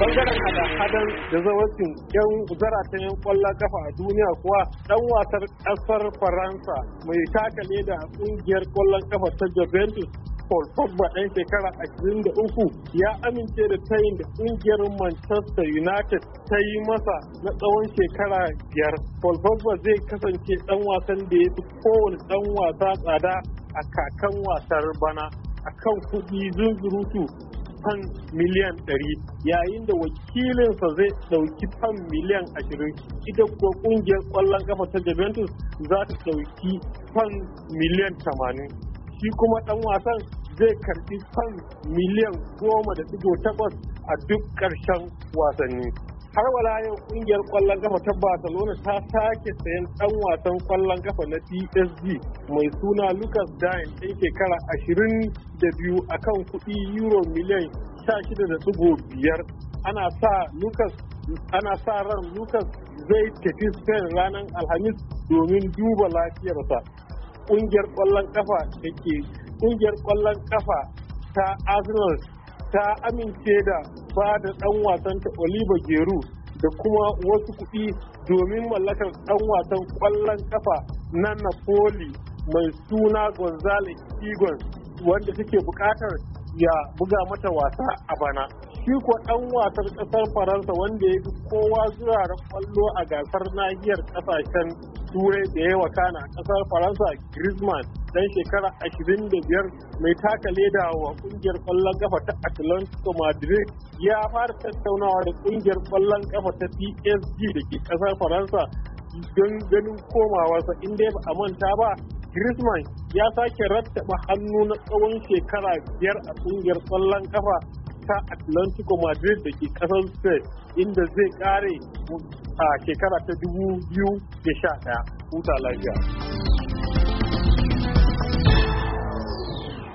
bangaren hada-hadan da zawacin yan zaratan yan kwallon kafa a duniya kuwa dan wasar kasar faransa mai taka leda a kungiyar kwallon kafa ta juventus Paul Pogba ɗan shekara 23 ya amince da tayin da ƙungiyar Manchester United ta yi masa na tsawon shekara biyar. Paul Pogba zai kasance ɗan wasan da ya fi kowane ɗan wasa tsada a kakan wasar bana. akan kuɗi zunzurutu tan miliyan ɗari yayin da wakilinsa zai ɗauki tan miliyan ashirin ita kuwa ƙungiyar ƙwallon kafa ta Juventus za ta ɗauki tan miliyan 80 shi kuma ɗan wasan zai karɓi tan miliyan goma 10.8 a duk ƙarshen wasanni. har wala yau kungiyar kwallon kafa ta Barcelona ta sake sayan dan wasan kwallon kafa na PSG mai suna Lucas Dain ɗan shekara 22 akan kuɗi euro miliyan 16.5 ana sa Lucas ana sa ran Lucas zai tafi Spain ranar Alhamis domin duba lafiyarsa kungiyar kwallon kafa da ke kungiyar kwallon kafa ta Arsenal ta amince da ba da ɗan wasanta Oliver Geru da kuma wasu kuɗi domin mallakar ɗan wasan ƙwallon ƙafa na Napoli mai suna Gonzalez Igon wanda take buƙatar ya buga mata wasa a bana. Shi kuwa ɗan wasan ƙasar Faransa wanda ya fi kowa zuwa da ƙwallo a gasar nahiyar ƙasashen Turai da yawa kana a ƙasar Faransa Griezmann dan shekara 25 mai taka leda wa kungiyar kwallon kafa ta Atlantico Madrid ya fara tattaunawa da kungiyar kwallon kafa ta PSG da ke kasar Faransa don ganin komawarsa inda ba a manta ba Griezmann ya sake rattaba hannu na tsawon shekara biyar a kungiyar kwallon kafa ta Atlantico Madrid da ke kasar Spain inda zai kare a shekara ta 2011 huta lafiya.